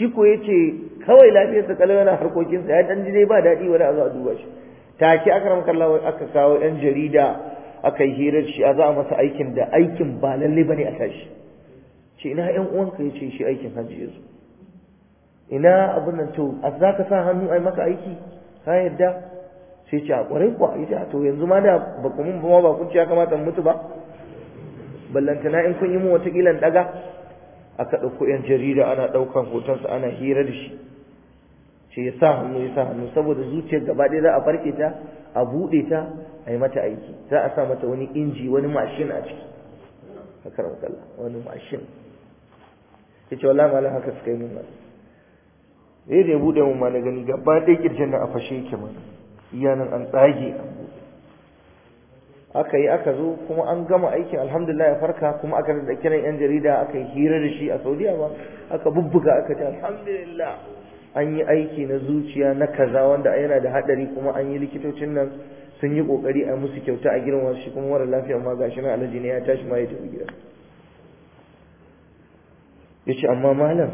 shi ko yace kawai lafiyar sa kalau yana harkokin sa ya dan ji dai ba dadi wani a zo a duba shi take aka ramkar lawa aka kawo yan jarida aka yi hirar shi a za a masa aikin da aikin ba lalle bane a tashi ce ina yan uwanka yace shi aikin hajji yazo ina abun nan to a za ka sa hannu ai maka aiki ka yarda sai ce a kwarai kuwa ita to yanzu ma da ba kuma mun ba ba kun ce ya kamata mutu ba ballantana in kun yi mu wata kilan daga aka ɗauko yan jarida ana ɗaukan hotonsa ana hira da shi ce ya sa hannu ya sa hannu saboda zuciyar gaba ɗaya za a farke ta a buɗe ta a yi mata aiki za a sa mata wani inji wani mashin a ciki haka kalla wani mashin ya ce wala malam haka suka yi mun malam ya da ya buɗe mun ma na gani gaba ɗaya ƙirjin nan a fashe yake mana iya nan an tsage an buɗe aka yi aka zo kuma an gama aikin alhamdulillah ya farka kuma aka da kiran yan jarida aka yi hira da shi a saudiya ba aka bubbuga aka ce alhamdulillah an yi aiki na zuciya na kaza wanda yana da hadari kuma an yi likitocin nan sun yi kokari a musu kyauta a wasu shi kuma mara lafiya ma gashi nan alhaji ne ya tashi ma ya tafi gida yace amma malam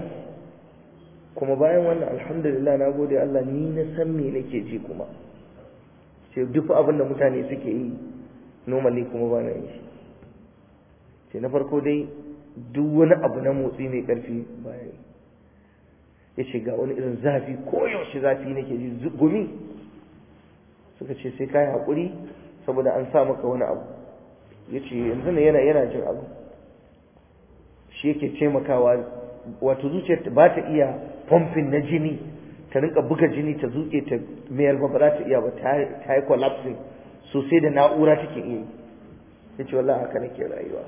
kuma bayan wannan alhamdulillah na gode Allah ni na san me nake ji kuma ce duk abin da mutane suke yi normally kuma ba na yi shi sai na farko dai duk wani abu na motsi mai karfi ba ya ce ga wani irin zafi koyaushe zafi nake ji gumi suka ce sai kayi hakuri saboda an sa maka wani abu ya ce yanzu ne yana yana jin abu shi yake taimakawa wato zuciyar ba ta iya pumping na jini ta rinka buga jini ta zuke ta mayar ba ba za ta iya ba ta yi collapsing so sai da na'ura take iya yace wallahi haka nake rayuwa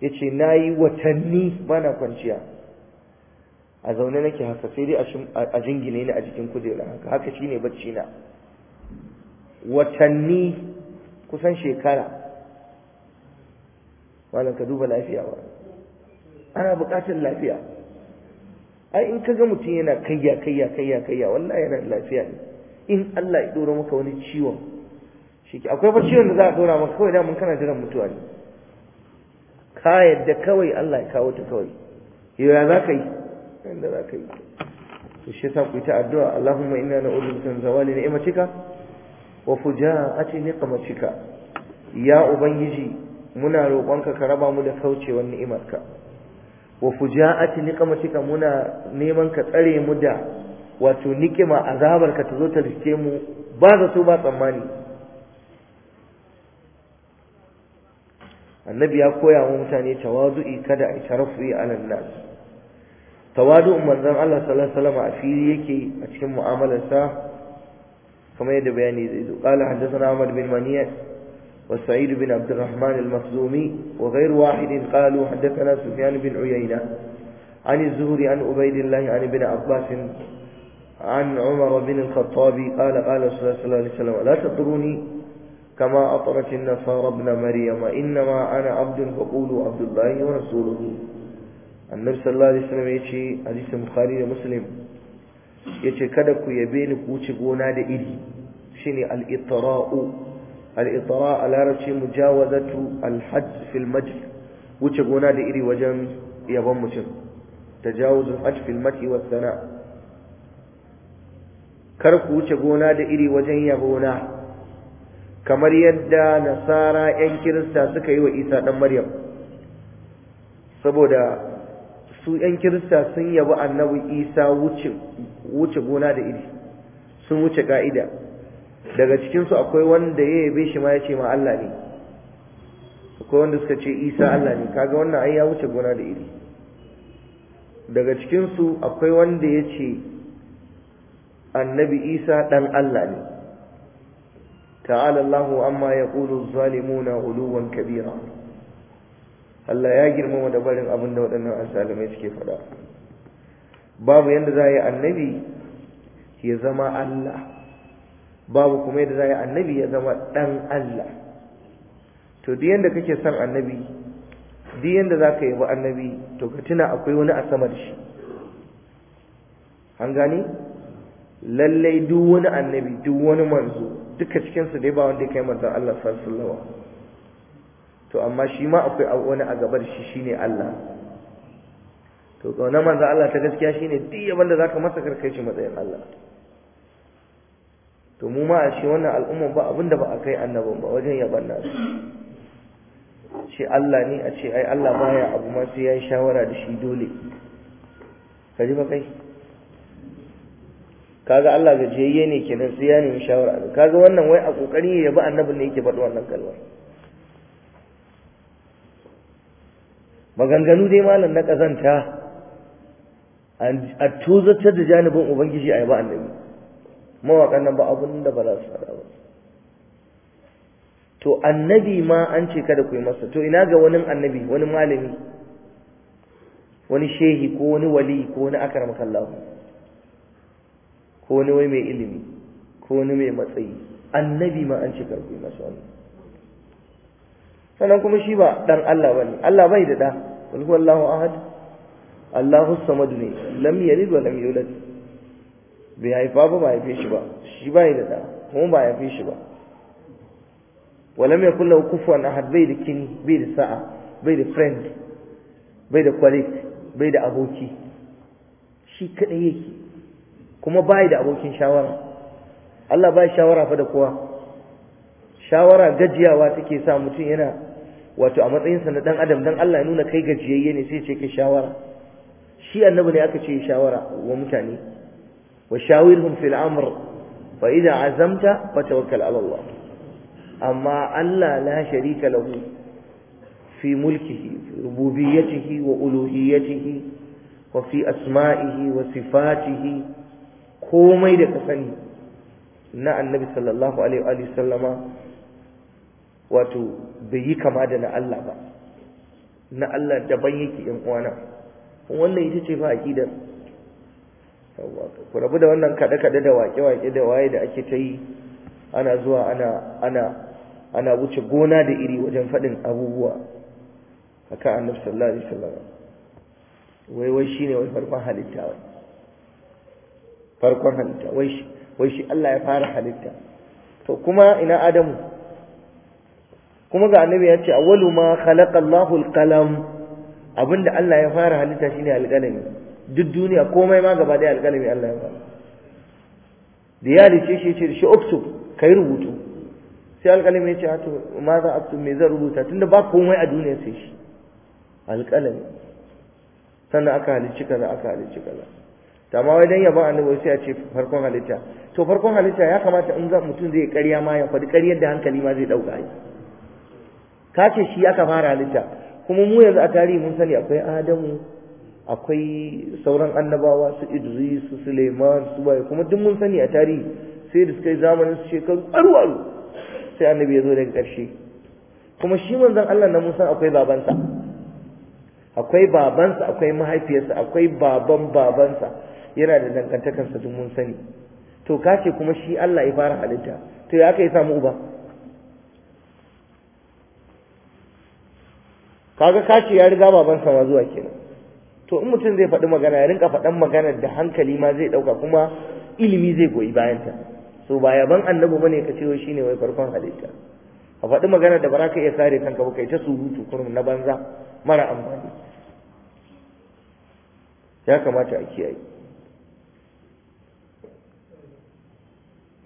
yace nayi watanni bana kwanciya a zaune nake haka sai dai a jingine ni a jikin kujera haka haka shine bacci na watanni kusan shekara wannan ka duba lafiya ba ana bukatar lafiya ai in ga mutum yana kayya kayya kayya kayya wallahi yana lafiya ne in Allah ya dora maka wani ciwon shi akwai fa ciwon da za a dora maka kawai da mun kana jiran mutuwa ne ka yadda kawai Allah ya kawo ta kawai ya za ka yi inda za ka yi to shi yasa ku yi ta addu'a Allahumma inna na'udhu bika min zawali ni'matika wa fujaa'ati niqmatika ya ubangiji muna roƙonka ka raba mu da kaucewar ni'imarka wa fujaa'ati niqmatika muna neman ka tsare mu da wato nikima azabar ka ta zo ta riske mu ba su ba tsammani annabi ya koya wa mutane tawazu'i kada a tarafu'i alal nas tawadu'un manzon Allah sallallahu alaihi wasallam a fili yake a cikin mu'amalarsa kamar yadda bayani zai zo qala hadathana Ahmad bin Maniya وسعيد بن عبد الرحمن المخزومي وغير واحد قالوا حدثنا سفيان بن عيينة عن الزهري Zuhri عبيد الله عن ابن Abbas. عن عمر بن الخطاب قال قال صلى الله عليه وسلم لا تطروني كما أطرت النصارى ابن مريم إنما أنا عبد فقولوا عبد الله ورسوله النبي صلى الله عليه وسلم يشي حديث البخاري ومسلم yace kada ku yabe ni ku ci gona da iri shine al-itra'u al-itra' a larabci mujawazatu al-hajj fil majl wuce gona da iri wajen yabon mutum kar ku wuce gona da iri wajen yabona kamar yadda nasara 'yan kirista suka yi wa isa ɗan maryam saboda su 'yan kirista sun yabi annabi isa wuce gona da iri sun wuce ka'ida daga cikinsu akwai wanda ya yabe shi ma ya ce ma Allah ne akwai wanda suka ce isa Allah ne kaga wannan ai ya wuce gona da iri daga cikinsu akwai wanda ya ce annabi isa dan Allah ne ta'ala Allahu amma ya az-zalimuna uluwan kabira Allah ya girmama da barin abin da waɗannan azalimai suke faɗa babu yanda za yi annabi ya zama Allah babu kuma yadda za yi annabi ya zama ɗan Allah to duk yanda kake son annabi duk yanda za ka yabi annabi to ka tuna akwai wani a sama da shi an gani lallai duk wani annabi duk wani manzo duka cikinsu dai ba wanda ya kai manzon Allah sallallahu alaihi to amma shi ma akwai wani a gabar shi shine Allah to kauna manzon Allah ta gaskiya shine duk yaban da zaka masa karkai shi matsayin Allah to mu ma a shi wannan al'umma ba abinda ba a kai annabin ba wajen yaban nasu ce Allah ne a ce ai Allah baya abu ma sai yayi shawara da shi dole ka ji ba kai kaga Allah gajiyayye ne kenan sai ya nemi shawara kaga wannan wai a kokari ya bi annabin ne yake faɗi wannan kalmar maganganu dai malam na kazanta a tuzatar da janibin ubangiji a yaba annabi mawaƙan nan ba abun da ba za su faɗa ba to annabi ma an ce kada ku yi masa to ina ga wani annabi wani malami wani shehi ko wani wali ko wani akarmakallahu ko wani wai mai ilimi ko wani mai matsayi annabi ma an ce karku yi masa sannan kuma shi ba dan Allah bane Allah bai da da qul huwallahu ahad Allahu samad ne lam yalid wa lam yulad bai haifa ba ba haife shi ba shi bai da da kuma ba haife shi ba walam yakul lahu kufuwan ahad bai da kini bai da sa'a bai da friend bai da colleague bai da aboki shi kadai yake kuma bai da abokin shawara Allah bai shawara fa da kowa shawara gajiyawa take sa mutum yana wato a matsayinsa na dan adam dan Allah ya nuna kai gajiyayye ne sai ce ka shawara shi annabi ne aka ce shawara wa mutane wa shawirhum fil amr fa idza azamta bata ala Allah amma Allah la sharika lahu fi mulkihi rububiyyatihi wa uluhiyyatihi wa fi asma'ihi wa sifatihi komai da ka sani na annabi sallallahu alaihi sallama wato bai yi kama da na Allah ba na Allah daban yake in uwana wannan ita ce fa aqidar ku rabu da wannan kada kada da wake wake da waye da ake ta yi ana zuwa ana ana ana wuce gona da iri wajen faɗin abubuwa haka annabi sallallahu alaihi wasallam wai wai shine wai farkon halitta wai farkon halitta wai shi wai shi Allah ya fara halitta to kuma ina adamu kuma ga annabi ya ce awwalu ma khalaqa Allahu al-qalam abinda Allah ya fara halitta shine al-qalami duk duniya komai ma gaba daya al-qalami Allah ya fara da ya lice shi ce shi uktub kai rubutu sai al-qalami ya ce to ma za a me zan rubuta tunda ba komai a duniya sai shi al-qalami sannan aka halicci kaza aka halicci kaza amma wai dan yabon annabi sai a ce farkon halitta to farkon halitta ya kamata in ga mutum zai ƙarya ma ya faɗi ƙaryar da hankali ma zai ɗauka ai ka ce shi aka fara halitta kuma mu yanzu a tarihi mun sani akwai adamu akwai sauran annabawa su idris su suleiman su waye kuma duk mun sani a tarihi sai da suka yi zamanin su shekaru aru-aru sai annabi ya zo daga ƙarshe kuma shi manzon Allah na Musa akwai babansa akwai babansa akwai mahaifiyarsa akwai baban babansa yana da dangantakarsa duk mun sani to ka ce kuma shi Allah ya fara halitta to ya aka yi samu uba kaga ka ce ya riga baban ma zuwa kenan to in mutum zai faɗi magana ya rinka faɗan maganar da hankali ma zai ɗauka kuma ilimi zai goyi bayanta so ba yaban annabi bane ka ce shi ne wai farkon halitta a faɗi magana da ba za ka iya sare kanka ba kai ta surutu kurum na banza mara amfani ya kamata a kiyaye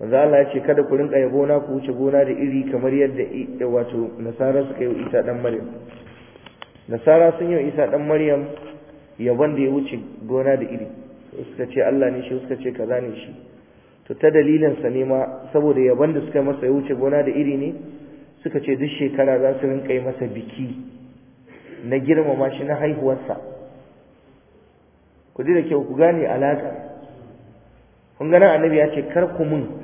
manzo Allah ya ce kada ku rinka yabo na ku wuce gona da iri kamar yadda eh, wato nasara suka yi Isa dan Maryam nasara sun yi Isa dan Maryam yabon da ya wuce gona da iri suka ce Allah ne shi suka ce kaza ne shi to ta dalilin sa ne ma saboda yabon da suka masa ya wuce gona da iri ne suka ce duk shekara za su rinka yi masa biki na girmama shi na haihuwarsa ku ji da kyau ku gane alaƙa kun gana annabi ya ce kar ku mun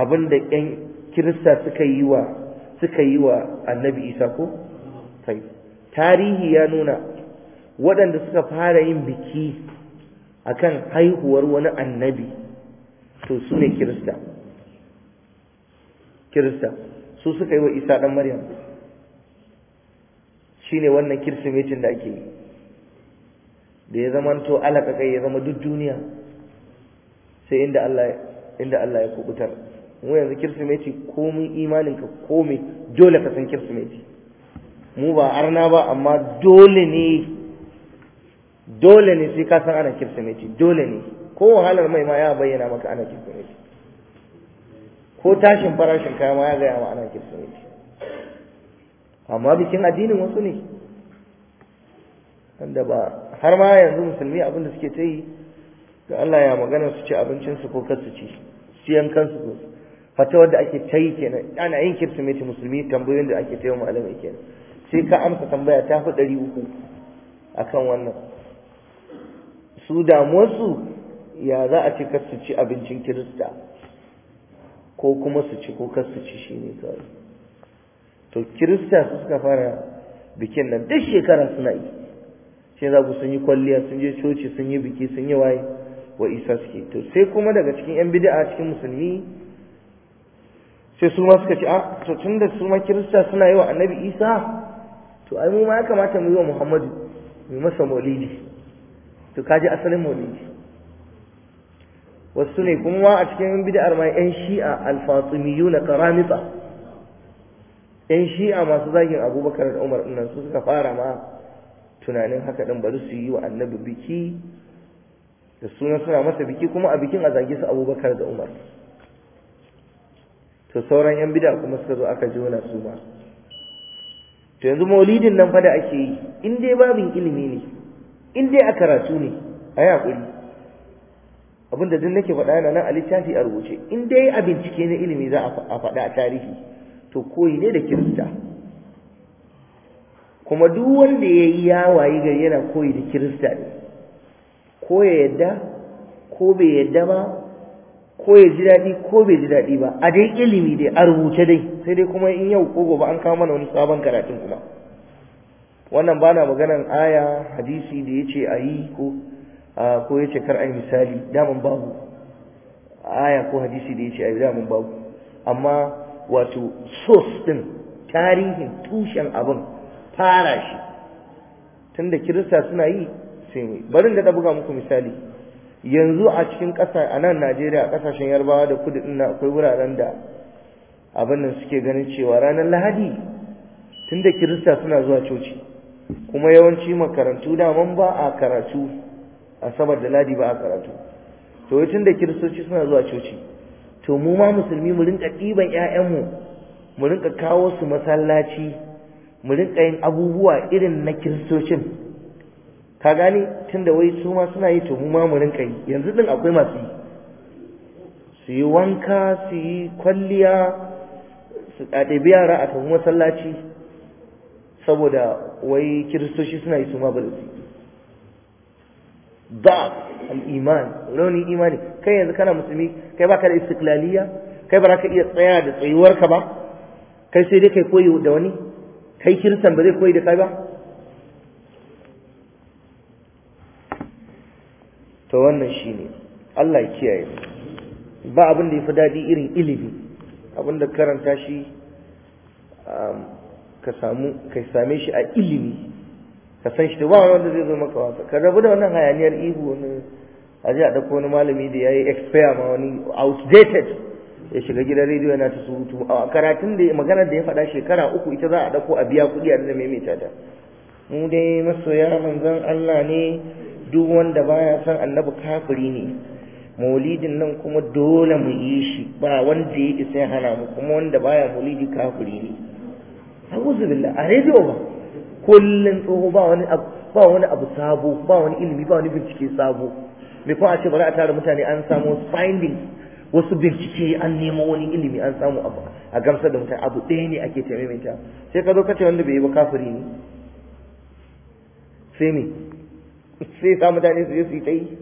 Abin da ƴan kirista suka yi wa suka yi wa annabi isa ko kai tarihi ya nuna waɗanda suka fara yin biki akan haihuwar wani annabi to su ne kirista kirista su suka yi wa isa ɗan maryam shi ne wannan kirsimetin da ake yi da ya zama to alaƙaƙai ya zama duk duniya sai inda Allah ya kubutar mu yanzu kirsimeti ko mun imanin ka ko me dole ka san kirsimeti mu ba arna ba amma dole ne dole ne sai ka san ana kirsimeti dole ne ko wahalar mai ma ya bayyana maka ana kirsimeti ko tashin farashin kaya ma ya gaya ma ana kirsimeti amma bikin addinin wasu ne wanda ba har ma yanzu musulmi abin da suke ta yi ga Allah ya magana su ci abincinsu ko kar su ci siyan kansu fata wanda ake tayi kenan ana yin kirsimeti musulmi tambayoyin da ake tayi malamai kenan sai ka amsa tambaya ta fi ɗari uku akan wannan su damuwarsu ya za a ce kar su ci abincin kirista ko kuma su ci ko kar su ci ne kawai to kirista su suka fara bikin nan duk shekara suna yi sai za ku sun yi kwalliya sun je coci sun yi biki sun yi waye wa isa suke to sai kuma daga cikin yan bid'a cikin musulmi sai su ma suka ce a ah, to da su ma kirista suna yi wa annabi isa to ai mu ma ya kamata mu yi wa muhammadu mu masa maulidi to kaji asalin maulidi wasu ne kuma a cikin bid'ar ma yan shi'a alfatsumiyu na karamita yan shi'a masu zagin abubakar da umar ɗin su suka fara ma tunanin haka ɗin bari su yi wa annabi biki da suna suna masa biki kuma a bikin a zage su abubakar da umar to sauran yan bid'a kuma suka zo aka jona su ma to yanzu maulidin nan fa da ake yi in dai babin ilimi ne in dai a karatu ne a yi abinda duk nake faɗa yana nan a littafi a rubuce in dai a bincike na ilimi za a faɗa a tarihi to koyi ne da kirista kuma duk wanda ya yi yawaye gari yana koyi da kirista ne ko ya yadda ko bai yadda ba ko ya ji daɗi ko bai ji daɗi ba a dai ilimi dai a rubuce dai sai dai kuma in yau ko gobe an kawo mana wani sabon karatun kuma wannan ba na maganan aya hadisi da ya ce a yi ko ko ya ce kar a misali damun babu aya ko hadisi da ya ce a yi damun babu amma wato sos ɗin tarihin tushen abin fara shi tunda kirista suna yi sai barin da buga muku misali yanzu a cikin ƙasa a nan najeriya ƙasashen yarbawa da kudu ɗin akwai wuraren da abin suke ganin cewa ranar lahadi tun da kirista suna zuwa coci kuma yawanci makarantu daman ba a karatu asabar da ladi ba a karatu to tun da kiristoci suna zuwa coci to mu ma musulmi mu rinka ɗiban 'ya'yanmu mu rinka kawo su masallaci mu rinka yin abubuwa irin na kiristocin ka gani tunda wai su ma suna yi to mu ma yanzu din akwai masu yi su yi wanka su yi kwalliya su ɗaɗe yara a tafi masallaci saboda wai kiristoci suna yi su ma ba da su ba al'iman raunin imani kai yanzu kana musulmi kai baka da istiklaliya kai ba za ka iya tsaya da tsayuwarka ba kai sai dai kai koyi da wani kai kiristan ba zai koyi da kai ba to wannan shi ne, Allah kiyaye ba abin da ya fi daɗi irin ilimi abin da karanta shi um, ka same shi a ilimi ka san shi da ba wanda zai zo maka wasa ka rabu da wannan hayaniyar ihu wani a a ɗauko wani malami da ya yi expire ma wani outdated ya shiga gidan rediyo yana ta surutu a karatun da maganar da ya faɗa shekara uku ita za a ɗauko a biya kuɗi a da maimaita ta mu dai masoya manzon Allah ne duk wanda baya san annabi kafiri ne maulidin nan kuma dole mu yi shi ba wanda ya isa hana mu kuma wanda baya maulidi kafiri ne a'udhu billahi a rediyo ba kullun tsoho ba wani abu ba wani abu sabo ba wani ilimi ba wani bincike sabo me kuma a ce bari a tara mutane an samu finding wasu bincike an nemo wani ilimi an samu abu a gamsar da mutane abu ɗaya ne ake taimaita sai ka zo ka ce wanda bai yi ba kafiri ne sai me sai sa mutane su yi su yi ta yi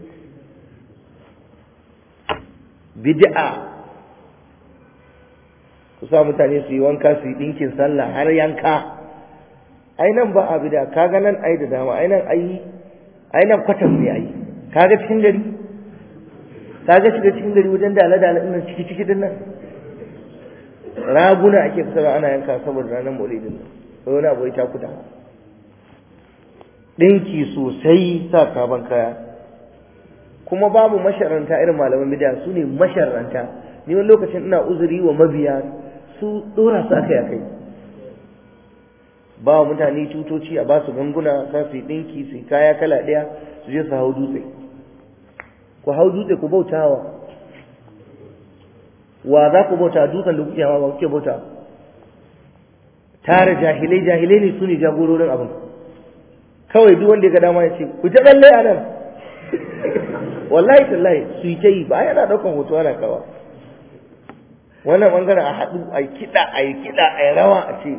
bidi'a ku sa mutane su yi wanka su yi ɗinkin sallah har yanka ainihin ba a bida ka nan ai da dama ainihin ai ai nan kwatan ne ai ga cikin gari kaga shiga cikin gari wajen da dala ciki ciki din nan raguna ake fitarwa ana yanka saboda ranar maulidin nan ko wani abu ya kudawa. ɗinki sosai sa kaban kaya kuma babu masharanta irin malaman bid'a su ne masharanta ni wani lokacin ina uzuri wa mabiya su dora su akai akai ba mutane tutoci a basu ganguna sa su yi ɗinki su yi kaya kala ɗaya su je su hau dutse ku hau dutse ku bautawa wa za ku bauta dutsen da kuke hawa ba kuke bauta tare jahilai jahilai ne su ne jagororin abin kawai duk wanda ya ga dama ya ce ku ta tsalle a nan wallahi tallahi su yi ta yi ba yana ɗaukan hoto ana kawa wannan bangaren a haɗu a yi kiɗa a yi kiɗa a yi rawa a ce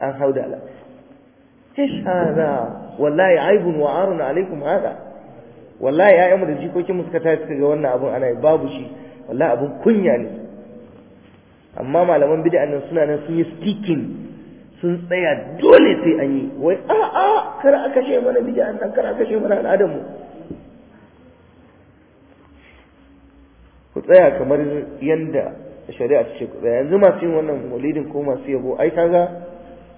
an hau da alaƙa ish wallahi aibun wa arun alaikum hada wallahi ya'yanmu da jikokin mu suka tashi suka ga wannan abun ana babu shi wallahi abun kunya ne amma malaman bid'a nan suna nan sun yi sticking sun tsaya dole sai an yi wai a a kar a kashe mana bidiyan an kar a kashe mana al'adar ku tsaya kamar yanda shari'a ta ce ku tsaya yanzu masu yin wannan walidin ko masu yabo ai kaga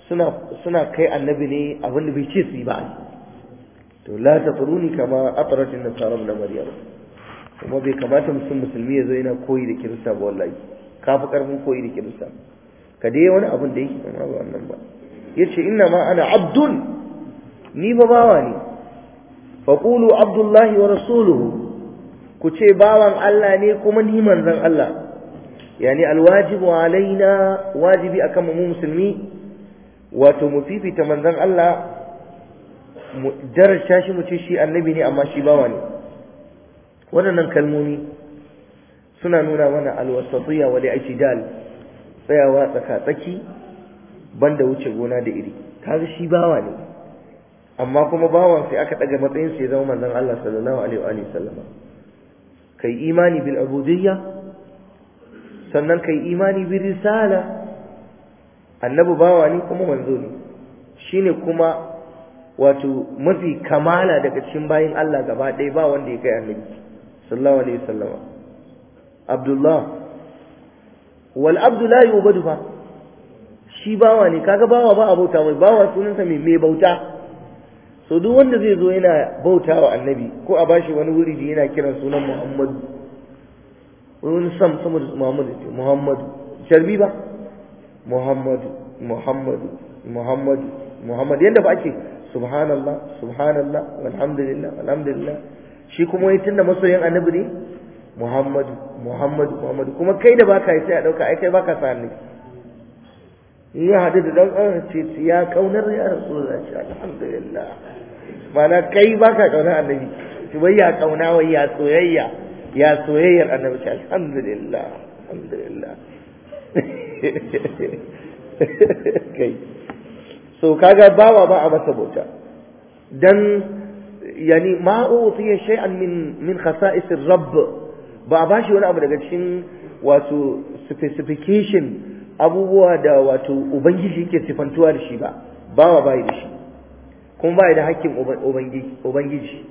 suna suna kai annabi ne abin da bai ce su yi ba to la tafuruni kama na nasara na maryam kuma bai kamata musulmi ya zo yana koyi da kirista ba wallahi kafi karfin koyi da kirista ka dai wani abun da yake kama ba wannan ba yace inna ma ana abdun ni ba bawa ne Faƙulu abdullahi wa rasuluhu ku ce bawan Allah ne kuma ni manzan Allah yani alwajibu alaina wajibi akan mu musulmi wato mu fifita manzan Allah mu darasha shi mu ce shi annabi ne amma shi bawa ne waɗannan kalmomi suna nuna mana alwasatiyya wal i'tidal tsayawa tsaka-tsaki, tsaki banda wuce gona da iri kaga shi bawa ne amma kuma bawan sai aka daga matsayin sai zama manzon Allah sallallahu alaihi wa alihi sallama kai imani bil abudiyya sannan kai imani bil risala annabi bawa ne kuma manzo ne shine kuma wato mafi kamala daga cikin bayin Allah gaba ɗaya ba wanda ya kai annabi sallallahu alaihi sallama. Abdullah wal abdu la yubadu fa shi bawa ne kaga bawa ba a bauta mai bawa sunansa mai mai bauta so duk wanda zai zo yana bauta wa annabi ko a bashi wani wuri da yana kiran sunan muhammadu wani sam sama da muhammadu muhammadu sharbi ba muhammadu muhammadu muhammadu muhammadu yanda ba ake subhanallah subhanallah walhamdulillah walhamdulillah shi kuma yi tunda masoyin annabi ne muhammadu muhammadu muhammadu kuma kai da baka yi sai a ɗauka ai kai baka sa ne ya haɗu da ɗan ƙarar ce ya kaunar ya rasu da shi alhamdulillah mana kai baka ƙaunar annabi shi wai ya ƙauna wai ya soyayya ya soyayyar annabi shi alhamdulillah alhamdulillah [laughs] kai so kaga bawa ba a masa bota dan yani ma utiya shay'an min min khasa'is rabb ba a bashi wani abu daga cikin wato specification abubuwa da wato ubangiji yake sifantuwa da shi ba bawa bayi da shi kuma bayi da hakkin ubangiji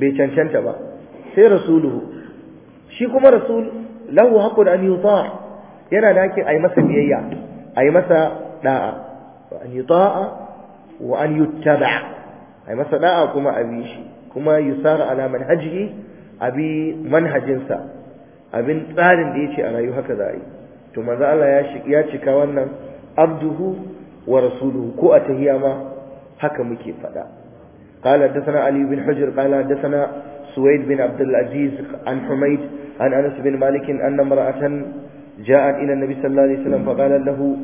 bai cancanta ba sai rasuluhu shi kuma rasul lahu haqqun an yuta yana da hakkin ayi masa biyayya ayi masa da'a wa an yuta'a wa an yuttaba ayi masa da'a kuma abi shi kuma yusara ala manhajihi abi manhajinsa abin tsarin da yace a rayu haka za a yi to manzo Allah ya ya cika wannan abduhu wa rasuluhu ko a tahiya ma haka muke fada قال حدثنا علي بن حجر قال حدثنا سويد بن عبد العزيز عن حميد عن أنس بن مالك أن امرأة جاءت إلى النبي صلى الله عليه وسلم فقال له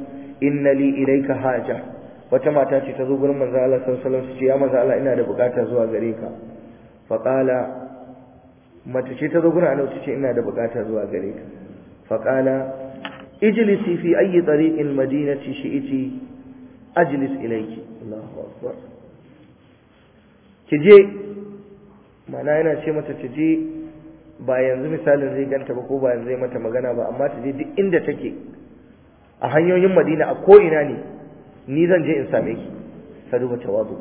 إن لي إليك حاجة وتما تاتي تزوج من الله صلى الله عليه وسلم يا من الله إن أنا بقاتا زوا غريكا فقال mace ce ta zo a annabi ce ina da bukata zuwa gare ka fa qala ijlisi fi ayyi tariqin madinati shi'iti ajlis ilayki Allahu akbar kije mana yana ce mata je ba yanzu misalin zai ganta ba ko ba yanzu zai mata magana ba amma je duk inda take a hanyoyin Madina a ko'ina ne ni zan je in same ki ka duba tawadu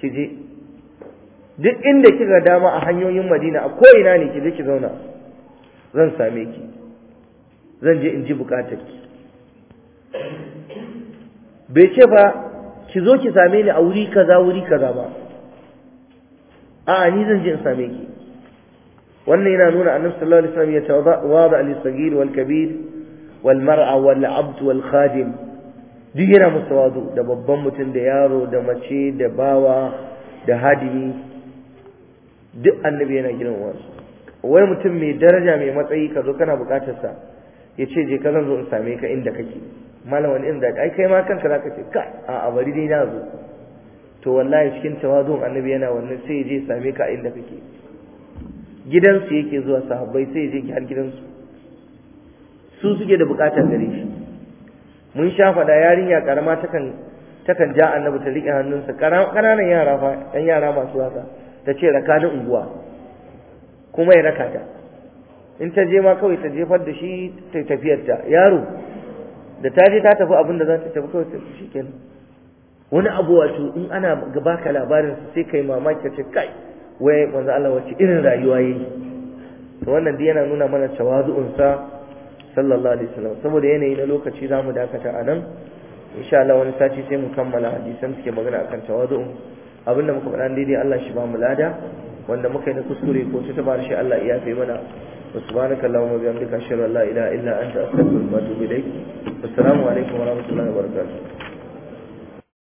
kije duk inda kika dama a hanyoyin madina a ko'ina ne ki ki zauna zan same ki zan je in ji bukatar ki bai ce ba ki zo ki same ni a wuri kaza wuri kaza ba a'a ni zan je in same ki wannan yana nuna annabi sallallahu alaihi wasallam ya tawada lil sagir wal kabir wal mar'a wal abd wal khadim duk yana musawadu da babban mutum da yaro da mace da bawa da hadimi duk annabi yana girmama su wai mutum mai daraja mai matsayi ka zo kana bukatar sa ya ce je ka zan zo in same ka inda kake malam wani inda ai kai ma kanka zaka ce ka a abari bari dai na zo to wallahi cikin tawazun annabi yana wannan sai je same ka inda kake gidansu yake zuwa sahabbai sai je har gidansu su suke da bukatar gare shi mun sha faɗa yarinya karama takan takan ja annabi ta riƙe hannunsa ƙananan yara fa ɗan yara masu wasa ta ce raka ni unguwa kuma ya raka ta in ta je ma kawai ta jefar da shi ta tafiyarta yaro da ta je ta tafi abin da za ta tafi kawai ta shi kenan wani abu wato in ana gaba ka labarin su sai kai mamaki ka ce kai wai manzo Allah wace irin rayuwa yayi to wannan dai yana nuna mana tawazu'un sa sallallahu alaihi wasallam saboda yanayi na lokaci zamu dakata anan insha Allah wani sati sai mu kammala hadisan suke magana akan tawazu'un abinda muka faɗa daidai Allah shi ba mu lada wanda muka yi na kuskure ko ta tabar shi Allah ya fi mana subhanaka allahumma wa bihamdika ashhadu an la ilaha illa anta astaghfiruka wa atubu ilaik assalamu alaikum wa rahmatullahi wa barakatuh